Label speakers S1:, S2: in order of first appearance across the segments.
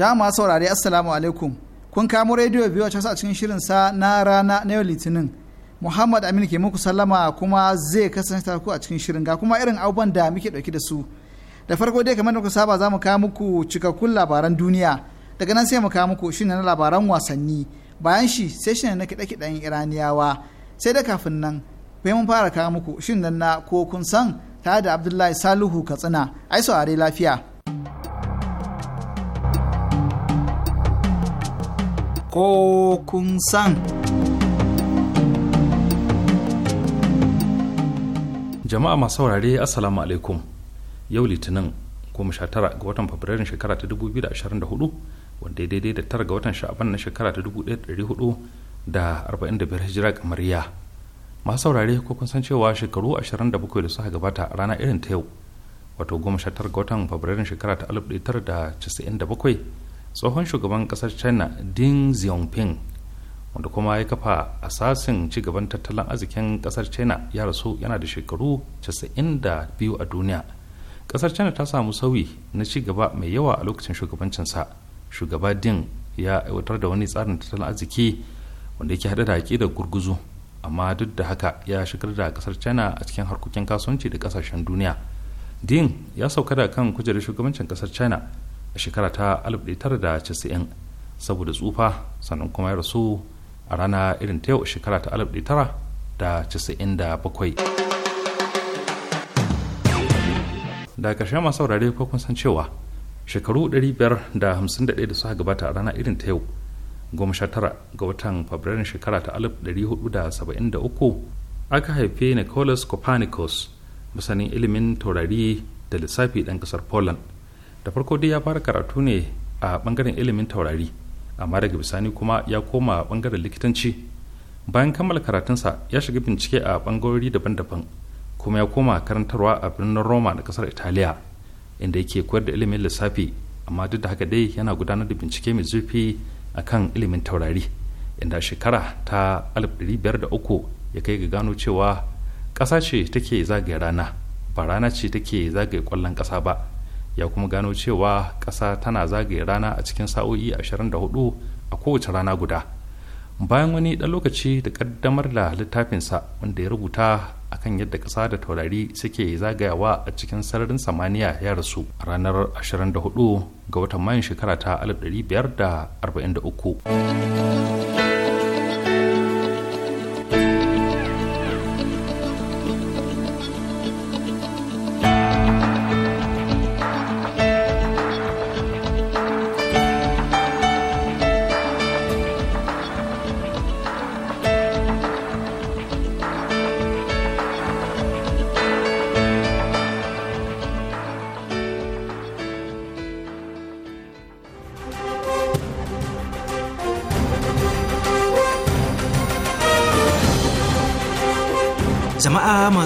S1: jama'a saurari assalamu alaikum kun kamo rediyo biyu a a cikin shirin sa na rana na yau litinin muhammad aminu ke muku sallama kuma zai kasance tare ku a cikin shirin ga kuma irin abubuwan da muke dauki da su da farko dai kamar da ku saba za mu kawo muku cikakkun labaran duniya daga nan sai mu kawo muku shirin na labaran wasanni bayan shi sai shirin na kiɗe-kiɗen iraniyawa sai da kafin nan bai mun fara kawo muku shirin na ko kun san tare da abdullahi saluhu katsina ai saurari lafiya ko kun san.
S2: Jama'a masu saurare Assalamu alaikum yau Litinin goma sha tara ga watan Fabrairun shekara ta 2024 wanda daidai da tara ga watan sha'aban na shekara ta 1445 hijira kamariya. Masu saurare ko kun san cewa shekaru 27 da suka gabata a rana irin ta yau wato goma sha tara ga watan Fabrairun shekara ta 1997 tsohon shugaban kasar china ding xiaoping wanda kuma ya kafa asasin cigaban tattalin arzikin kasar china ya rasu yana da shekaru 92 a duniya kasar china ta samu sauyi na cigaba mai yawa a lokacin shugabancinsa shugaba ding ya aiwatar da wani tsarin tattalin arziki wanda yake hada da haƙi da gurguzu amma duk da haka ya shigar da kasar china a cikin harkokin kasuwanci da kasashen duniya ding ya sauka da kan kujerar shugabancin kasar china a shekara ta 1990 saboda tsufa sannan kuma ya rasu a rana irin ta yau shekara ta 1997 da karshe masu saurare ko kun san cewa shekaru 551 da suka gabata a rana irin ta yau 19 ga watan fabrairun shekara ta 1473 aka haife nicholas copernicus masanin ilimin taurari da lissafi ɗan ƙasar poland da farko dai ya fara karatu ne a bangaren ilimin taurari amma daga bisani kuma ya koma bangaren likitanci bayan kammala karatunsa ya shiga bincike a bangarori daban-daban kuma ya koma karantarwa a birnin roma na kasar italiya inda yake koyar da ilimin lissafi amma duk da haka dai yana gudanar da bincike mai zurfi kan ilimin taurari inda shekara ta biyar da uku ya kai ga gano cewa ƙasa ce take zagaye rana ba rana ce take zagaye ƙwallon ƙasa ba ya kuma gano cewa ƙasa tana zagaye rana a cikin sa'o'i 24 a kowace rana guda bayan wani ɗan lokaci da ƙaddamar da littafinsa wanda ya rubuta akan yadda ƙasa da taurari suke zagayawa a cikin sararin samaniya ya rasu a ranar 24 ga watan mayan shekara ta 1543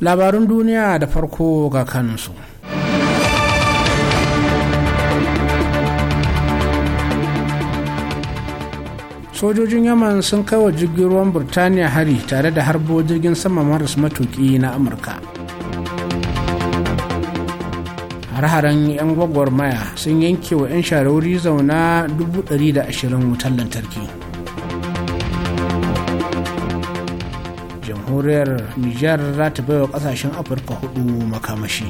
S3: labarun duniya da farko ga kanunsu sojojin yaman sun kai wa jirgin ruwan burtaniya hari tare da harbo jirgin sama maras matuki na amurka har-haren 'yan gwagwarmaya sun yanke wa 'yan sharori zauna 120 wutar lantarki jamhuriyar nijar za ta baiwa kasashen afirka hudu makamashi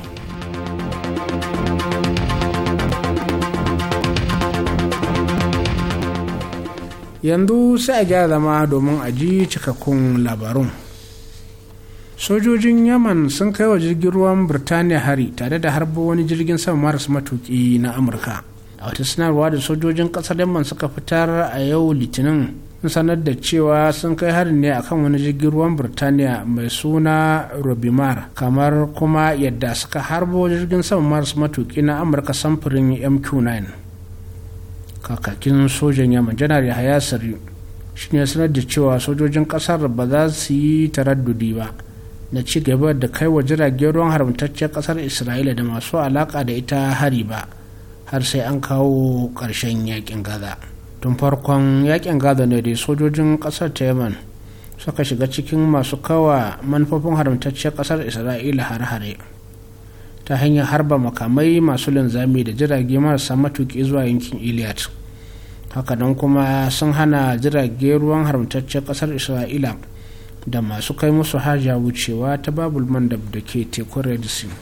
S3: yanzu sai a gyara zama domin a ji cikakkun labarun sojojin yaman sun kai wa jirgin ruwan birtaniya hari tare da harbo wani jirgin sama maras matuki na amurka a wata sanarwa da sojojin kasar yamman suka fitar a yau litinin sun sanar da cewa sun kai harin ne akan wani jirgin ruwan birtaniya mai suna robimar kamar kuma yadda suka harbo jirgin saman mars matuki na amurka samfurin mq9 kakakin sojan yamma janar yahaya sari shi ne sanar da cewa sojojin kasar ba za su yi taraddudi ba na ci gaba da kai wa jiragen ruwan haramtacciyar kasar isra'ila da masu alaka da ita hari ba har sai an kawo ƙarshen yakin gaza. tun farkon yakin gaza ne da sojojin kasar ta yaman suka shiga cikin masu kawa manufofin haramtacciyar kasar isra'ila har-hare ta hanyar harba makamai masu linzami da jirage marasa matuki zuwa yankin iliyat hakanan kuma sun hana jirage ruwan haramtacciyar kasar isra'ila da masu kai musu haja wucewa ta babul mandab da ke tekun red sea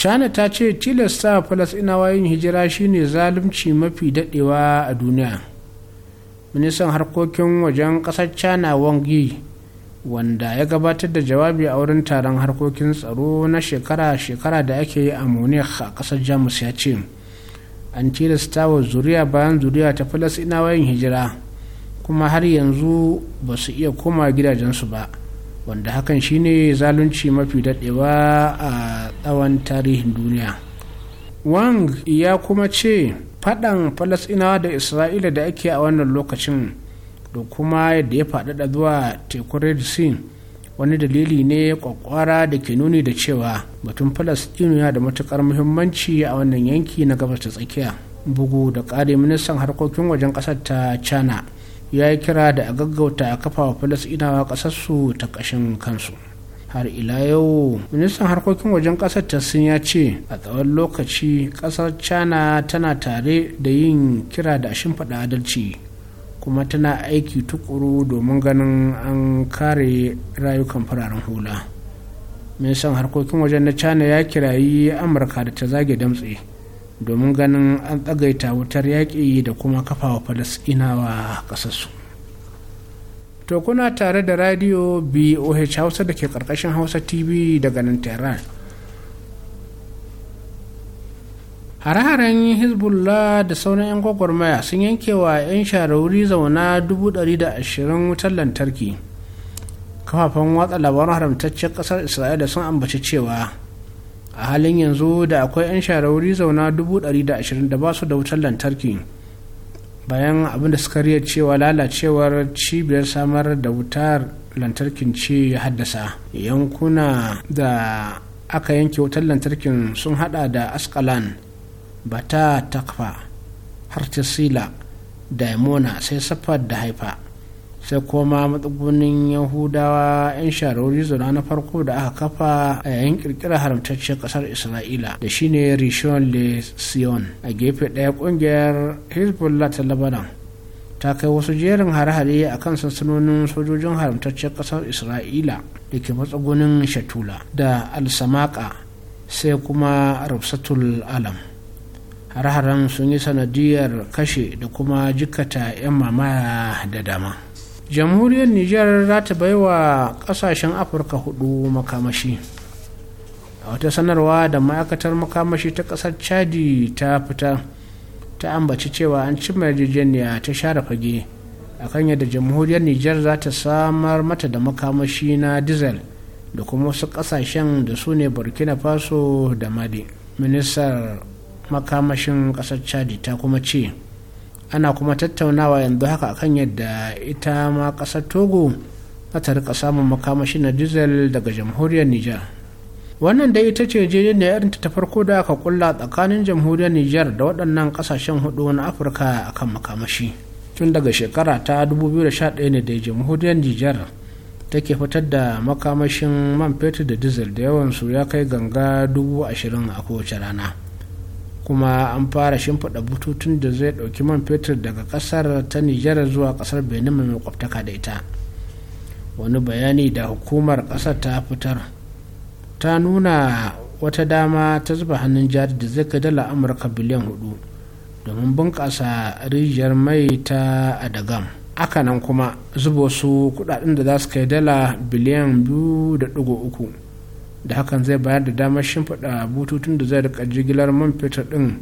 S3: china ta ce tilasta falasinawa yin hijira shine zalunci mafi daɗewa a duniya ministan harkokin wajen kasar china wang yi wanda ya gabatar da jawabi a wurin taron harkokin tsaro na shekara-shekara da ake yi a munich a ƙasar jamus ya ce an tilasta wa zuriya bayan zuriya ta falasinawa yin hijira kuma har yanzu ba su iya koma gidajensu ba wanda hakan shine zalunci mafi daɗewa a tsawon tarihin duniya wang ya kuma ce faɗan falasinawa da isra'ila da ake a wannan lokacin da kuma yadda ya faɗaɗa zuwa tekun red sea wani dalili ne kwakwara da ke nuni da cewa batun falasɗinu yana da matukar muhimmanci a wannan yanki na gabas ta tsakiya bugu da ƙari ministan harkokin wajen ƙasar ta china ya yi kira da a gaggauta a kafa wa falasɗinawa ƙasarsu ta ƙashin kansu har ila yau ministan harkokin wajen ƙasar ta sun ya ce a tsawon lokaci ƙasar china tana tare da yin kira da a shimfiɗa adalci kuma tana aiki tukuru domin ganin an kare rayukan fararen hula ministan harkokin wajen na china ya kirayi amurka da ta zage damtse domin ganin an tsagaita wutar yaƙi da kuma kafawa falasɗinawa ƙasarsu to kuna tare da radio boh hausa da ke ƙarƙashin hausa tv daga nan tehran hare-haren hezbollah da sauran 'yan gwagwarmaya sun yanke wa 'yan sharauri zauna 120 wutar lantarki kafafen watsa labaran haramtaccen ƙasar isra'ila sun ambaci cewa a halin yanzu da akwai 'yan shahararri zauna 120 da ba su da wutar lantarki bayan abinda suka riya cewa lalacewar cibiyar samar da wutar lantarkin ce ya haddasa yankuna da aka yanke wutar lantarkin sun hada da askalan bata takfa har da daimona sai safar da haifa sai kuma matsugunin yahudawa 'yan shahararri zona na farko da aka kafa a yayin kirkirar haramtacciyar kasar isra'ila da shine rishon le sion a gefe ɗaya ƙungiyar hezbollah ta lebanon ta kai wasu jerin hare-hare a kan sansanonin sojojin haramtacciyar kasar isra'ila da ke matsugunin shatula da alsamaka sai kuma rufsatul alam har-haren sun yi sanadiyar kashe da kuma jikata 'yan mamaya da dama jamhuriyar Nijar za ta bai wa kasashen afirka hudu makamashi a wata sanarwa da ma'aikatar makamashi ta kasar chadi ta fita ta ambaci cewa an cimma yarjejeniya ta share fage a kan yadda jamhuriyar Nijar za ta samar mata da makamashi na diesel da kuma wasu kasashen da su ne burkina faso da mali ministar makamashin kasar chadi ta kuma ce ana kuma tattaunawa yanzu haka akan yadda ita ma ƙasar togo ta rika samun makamashi na diesel daga jamhuriyar niger wannan dai ita ce jejeniyar ta farko da aka kulla tsakanin jamhuriyar niger da waɗannan ƙasashen hudu na afirka akan makamashi tun daga shekara ta 2011 ne da jamhuriyar niger take fitar da makamashin man fetur da diesel da yawan su ya kai ganga dubu a kowace rana kuma an fara shimfiɗa bututun da zai ɗauki man fetur daga ƙasar ta nijar zuwa ƙasar benin mai makwabtaka da ita wani bayani da hukumar ƙasar ta fitar ta nuna wata dama ta zuba hannun jari da zai kai dala amurka biliyan hudu domin bunƙasa rijiyar mai ta adagam hakanan kuma zuba su kudaden da za su kai dala biliyan biyu da uku da hakan zai bayar da damar shimfiɗa bututun da zai rika jigilar man fetur ɗin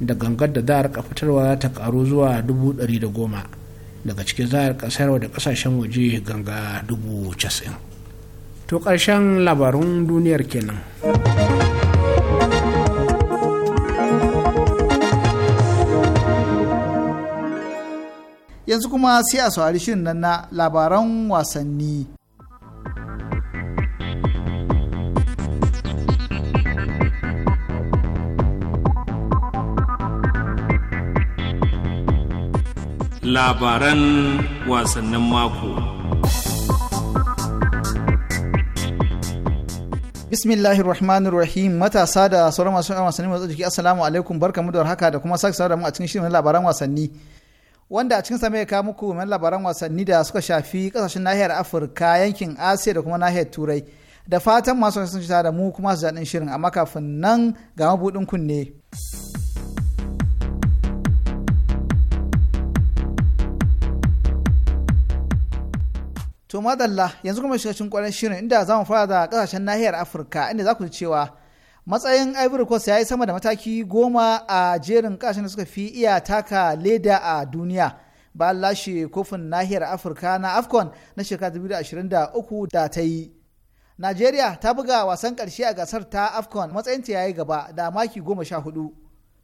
S3: da gangar da za a rika fitarwa ta karu zuwa dubu ɗari da goma daga cikin za a rika sayarwa da ƙasashen waje ganga dubu casa'in to ƙarshen labarun duniyar kenan
S1: yanzu kuma sai a saurari shirin nan na labaran wasanni
S2: labaran wasannin mako.
S1: rahim matasa da sauran masu wasanni motsa jiki assalamu alaikum mu da haka da kuma sake da mu a cikin shirin labaran wasanni wanda a cikin sa mai kawo muku mai labaran wasanni da suka shafi kasashen nahiyar Afirka yankin Asiya da kuma nahiyar Turai da fatan masu wasanni sun da mu kuma su daɗin shirin amma kafin nan ga mabuɗin kunne. to madalla yanzu kuma shiga cikin kwanan shirin inda za mu fara da kasashen nahiyar afirka inda za ku ji cewa matsayin ivory coast ya yi sama da mataki goma a jerin kasashen da suka fi iya taka leda a duniya ba lashe kofin nahiyar afirka na afcon na shekara 2023 da ta yi Najeriya ta buga wasan karshe a gasar ta AFCON matsayinta ya yi gaba da maki goma sha hudu.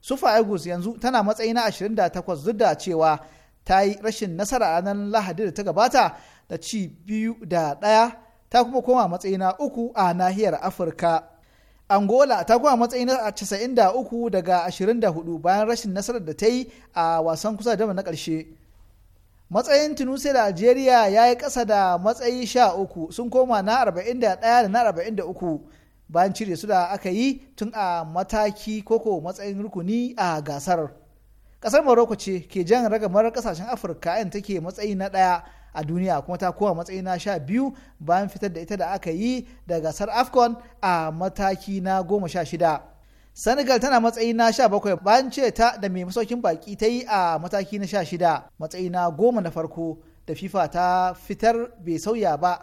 S1: Sufa Eagles yanzu tana matsayi na 28 duk da cewa ta yi rashin nasara a ranar Lahadi da ta gabata da ci biyu da ɗaya ta kuma koma matsayi na uku a nahiyar afirka angola ta kuma matsayi na 93 daga da hudu bayan rashin nasarar da ta yi a wasan kusa da na ƙarshe matsayin tunusia da algeria ya yi ƙasa da matsayi sha uku sun koma na arba'in da na 43 bayan cire su da aka yi tun a mataki koko matsayin rukuni a gasar ƙasar morocco ce ke jan ragamar ƙasashen afirka yadda take matsayi na ɗaya a duniya kuma ta kowa matsayi na sha biyu bayan fitar da ita da aka yi daga gasar afcon a mataki na goma sha shida senegal tana matsayi na sha bakwai bayan ce ta da mai masaukin baki ta yi a mataki na sha shida matsayi na goma na farko da fifa ta fitar bai sauya ba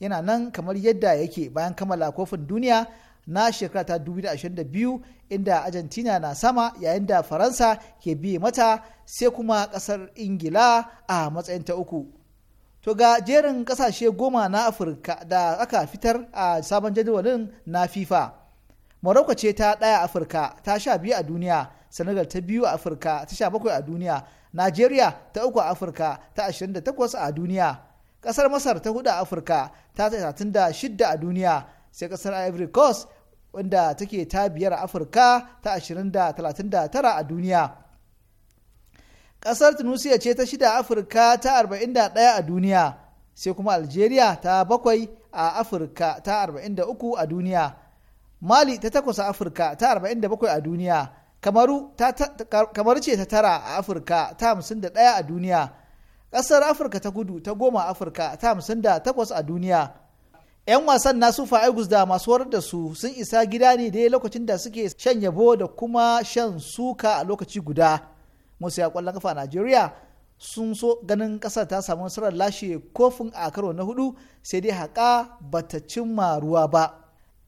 S1: yana nan kamar yadda yake bayan kammala kofin duniya na shekara ta 2022 inda argentina na sama yayin da faransa ke biye mata sai kuma kasar ingila a matsayin ta uku To ga jerin kasashe goma na Afirka da aka fitar a sabon jadawalin na FIFA. Morocco ce ta ɗaya Afirka ta sha biyu a duniya, Senegal ta biyu a Afirka ta sha bakwai a duniya, nigeria ta uku a Afirka ta ashirin da takwas a duniya. Ƙasar Masar ta hudu a Afirka ta talatin da shidda a duniya, sai ƙasar Ivory Coast wanda take ta biyar a Afirka ta ashirin da talatin da tara a duniya. kasar tunisia ce ta shida afirka ta 41 a duniya sai kuma algeria ta bakwai a afirka ta 43 a duniya mali ta takwas a afirka ta 47 a duniya kamaru ce ta tara a afirka ta 51 a duniya kasar afirka ta kudu ta goma afirka ta 58 a duniya 'yan wasan nasu aigus da masu warar da su sun isa gida ne dai lokacin da suke shan yabo da kuma shan suka a lokaci guda musa ya kwallon kafa a Najeriya sun so ganin kasar ta samu nasarar lashe kofin a karo na hudu sai dai haƙa bata cimma ruwa ba.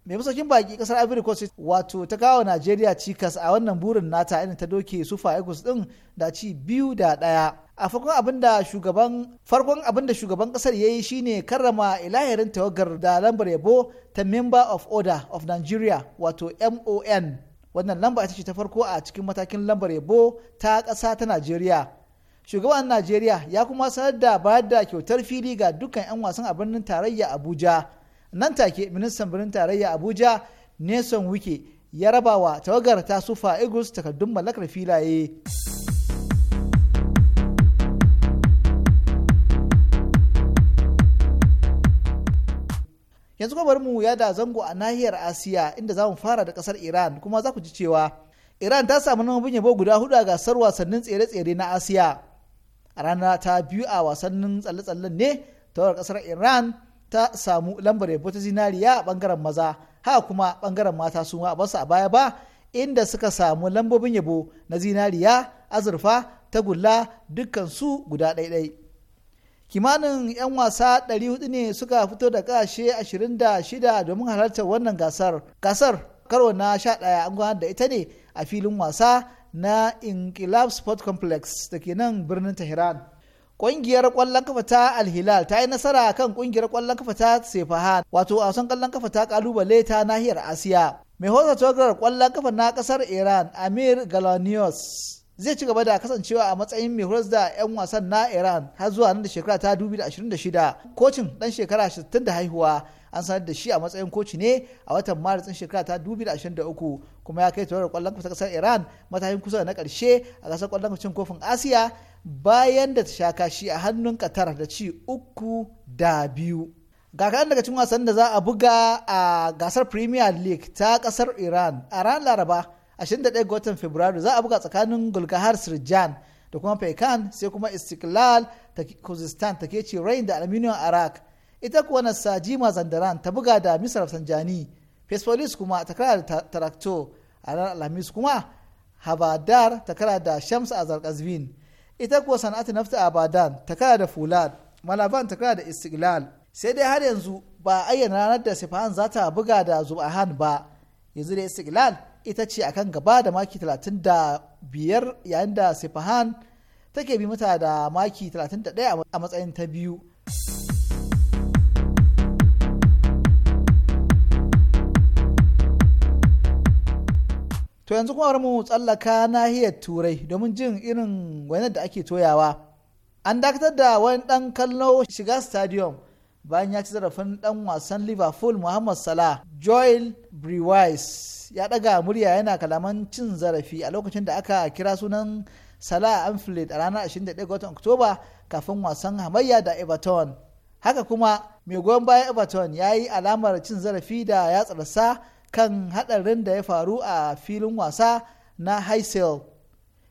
S1: Mai masaukin baki kasar Ivory Coast wato ta kawo Najeriya cikas a wannan burin nata inda ta doke Sufa Eagles din da ci biyu da ɗaya. A farkon abin da shugaban farkon abin da shugaban kasar yayi shine karrama ilahirin tawagar da lambar yabo ta Member of Order of Nigeria wato MON wannan lamba ita ce ta farko a cikin matakin lambar yabo ta ƙasa ta najeriya shugaban najeriya ya kuma sanar da bayar da kyautar fili ga dukkan 'yan wasan a birnin tarayya abuja nan take ministan birnin tarayya abuja nelson wike ya raba wa tawagar ta sufa eagles takardun mallakar filaye. yanzu kuma bari mu yada zango a nahiyar asiya inda zamu fara da kasar iran kuma zaku ji cewa iran ta samu nambobin yabo guda hudu a gasar wasannin tsere-tsere na asiya a rana ta biyu a wasannin tsalle-tsallen ne tawar kasar iran ta samu lambar yabo ta zinariya a bangaren maza haka kuma bangaren mata su ma basu a baya ba inda suka samu lambobin yabo na zinariya azurfa tagulla dukkan su guda ɗaiɗai. kimanin 'yan wasa 400 ne suka fito da kashe 26 domin halartar wannan gasar gasar karo na 11 an gudanar da ita ne a filin wasa na inkilab sport complex da ke nan birnin tehran Ƙungiyar ƙwallon kafa ta alhilal ta yi nasara kan ƙungiyar ƙwallon kafa ta Sefahan wato a wasan ƙwallon kafa ta ƙalubale ta nahiyar Asiya. Mai hosa togar ƙwallon kafa na ƙasar Iran Amir Galanios zai ci gaba da kasancewa a matsayin mai horas da 'yan wasan na iran har zuwa nan da shekara ta 2026 kocin dan shekara 60 da haihuwa an sanar da shi a matsayin koci ne a watan maris shekara ta 2023 kuma ya kai tawarar kwallon kafa ta kasar iran matakin kusa da na karshe a kasar kwallon kafa cin kofin asiya bayan da ta shaka shi a hannun qatar da ci uku da biyu ga kaɗan daga cikin wasan da za a buga a gasar premier league ta kasar iran a ranar laraba 21 ga watan Fabrairu za a buga tsakanin Gulgahar Sirjan da kuma Pekan sai kuma Istiklal ta Kuzistan ta kece Rain da Aluminium Iraq. Ita kuwa Sajima Zandaran ta buga da misra Sanjani. Fesfolis kuma ta kara da Tarakto a ranar Alhamis kuma Habadar ta kara da Shams a Zarkazvin. Ita kuwa sana'atu nafta Abadan ta kara da Fulad. Malaban ta kara da Istiklal. Sai dai har yanzu ba a ayyana ranar da Sifahan za ta buga da Zubahan ba. Yanzu da Istiklal ita ce akan gaba da maki 35 yayin da Sefahan take bi mata da maki 31 a matsayin ta biyu. To yanzu kuma mu tsallaka nahiyar turai domin jin irin wani da ake toyawa. An dakatar da wani ɗan kallo shiga stadium bayan ya ci zarafin dan wasan liverpool muhammad salah joel brewis ya daga murya yana kalaman cin zarafi a lokacin da aka kira sunan salah anfield a ranar 21 ga oktoba kafin wasan hamayya da everton haka kuma mai goyon bayan everton ya yi alamar cin zarafi da ya tsarsa kan hadarin da ya faru a filin wasa na Haisel.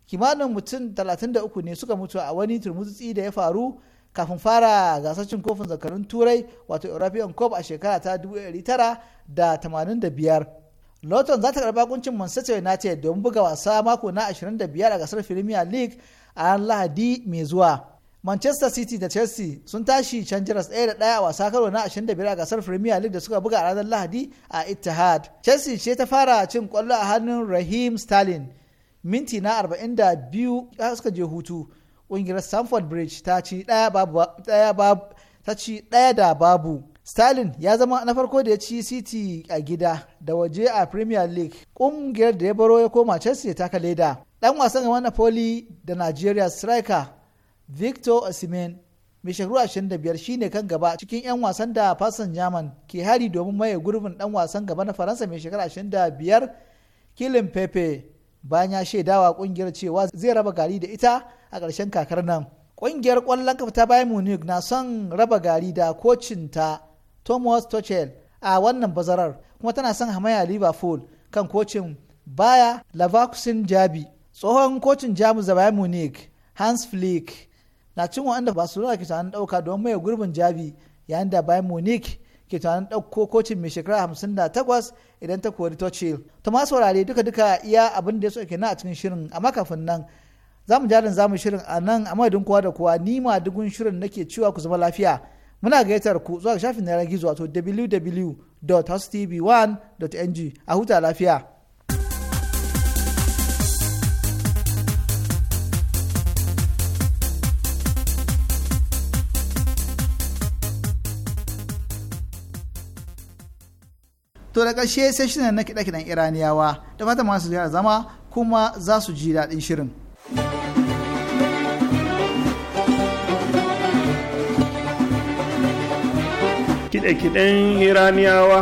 S1: kimanin mutum 33 ne suka mutu a wani turmutsi da ya faru kafin fara gasar cin kofin zakarun turai wato european cup a shekara ta 1985 lawton za ta karɓi kuncin manchester united don buga wasa mako na 25 a gasar premier league a ran lahadi mai zuwa manchester city da chelsea sun tashi canjaras 1 ɗaya da ɗaya a wasa karo na 25 a gasar premier league da suka buga a ranar lahadi a ittihad chelsea ce ta fara cin kwallo a hannun raheem sterling minti na 42 suka je hutu kungiyar Stamford Bridge ta ci ɗaya da babu. Stalin ya zama na farko da ya ci City a gida da waje a Premier League. kungiyar da ya baro ya koma Chelsea ta taka leda. Ɗan wasan gaban Napoli da Nigeria striker Victor Osimhen mai shekaru 25 shine kan gaba cikin 'yan wasan da Fasan jaman ke hari domin maye gurbin ɗan wasan gaba na Faransa mai shekaru 25 Kilin Pepe bayan ya shaidawa kungiyar cewa zai raba gari da ita a ƙarshen kakar nan ƙungiyar ƙwallon kafa ta bayan munich na son raba gari da kocin ta thomas tuchel a wannan bazarar kuma tana son hamaya liverpool kan kocin baya leverkusen jabi tsohon kocin jamus da bayan munich hans flick na cin wanda ba su ke tunanin ɗauka don mai gurbin jabi yayin da bayan munich ke tunanin ɗauko kocin mai shekara hamsin da takwas idan ta kori tuchel thomas wurare duka duka iya abin da ya so ke na a cikin shirin amma kafin nan za mu jarin mu shirin a nan a madadin kowa da kowa ni ma dugun shirin nake cewa ku zama lafiya muna gayyatar ku zuwa shafin yanar gizo wato www.hostv1.ng a huta lafiya. To da ƙarshe sai shirin na kiɗa-kiɗan Iraniyawa da fata masu zama kuma za su ji daɗin shirin. kiɗe-kiɗen iraniyawa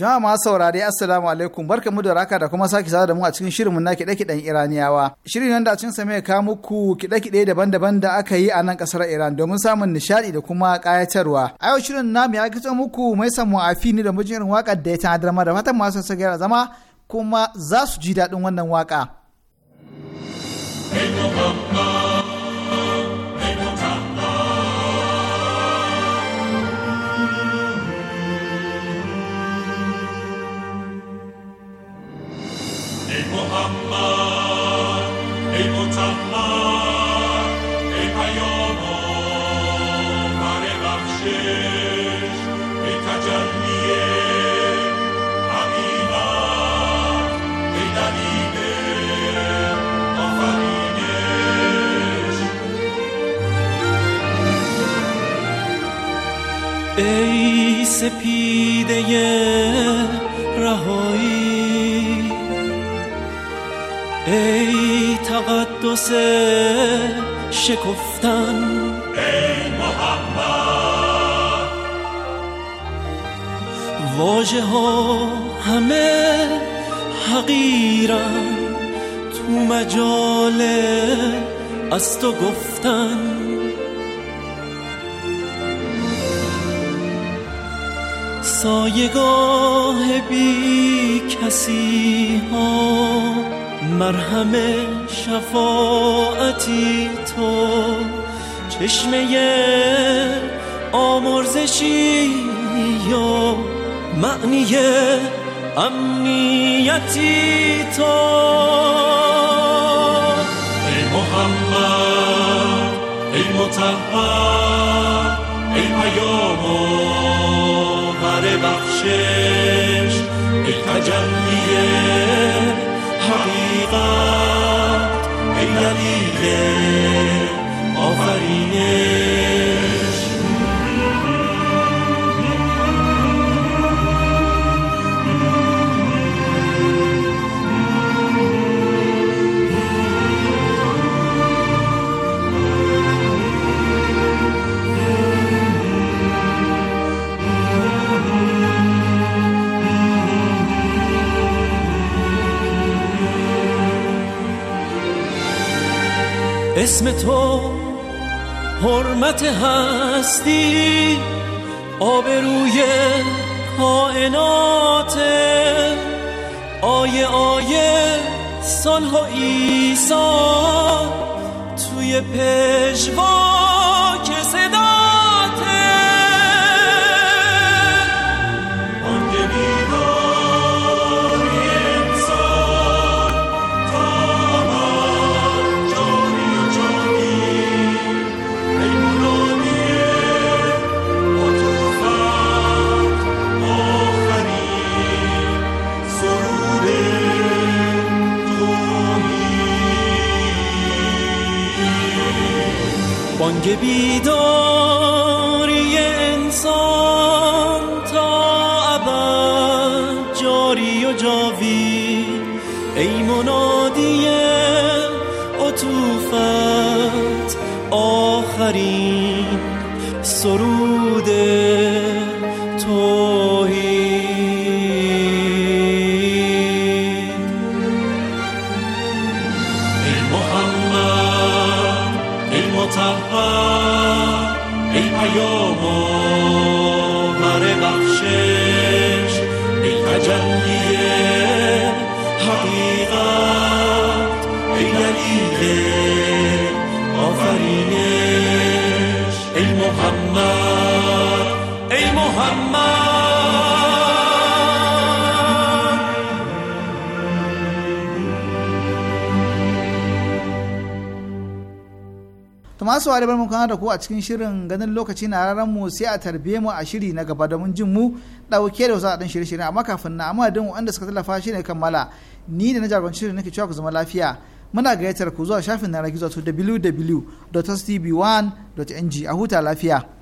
S1: jama'a masu saurari, assalamu alaikum barka mu da raka da kuma sake sada da mu a cikin shirinmu na kiɗe-kiɗen iraniyawa shirin nan da cin sa mai ka muku kiɗe-kiɗe daban-daban da aka yi a nan ƙasar iran domin samun nishaɗi da kuma ƙayatarwa a yau shirin namu ya kitso muku mai samu afi ni da mijin irin waƙar da ya tanadar da fatan masu sa zama kuma za su ji daɗin wannan waƙa.
S4: Hey, mama.
S5: تو گفتن سایگاه بی کسی ها مرهم شفاعتی تو چشمه آمرزشی یا معنی امنیتی تو ای محمد ای متحر ای پیام
S4: بر بخشش ای تجلی حقیقت ای دلیل آفرینش
S5: اسم تو حرمت هستی آبروی کائنات آیه آیه صلح و توی پژوان رنگ بیداری انسان تا ابد جاری و جاوی ای
S1: masu wari bar mu da ku a cikin shirin ganin lokaci na raran mu sai a tarbiye mu a shiri na gaba da mun jin mu dauke da wasu a dan shirye-shirye amma kafin na amma don wanda suka tallafa shi ne kammala ni da na jagoranci shirin nake cewa ku zama lafiya muna gayyatar ku zuwa shafin na ragizo to www.tv1.ng a huta lafiya.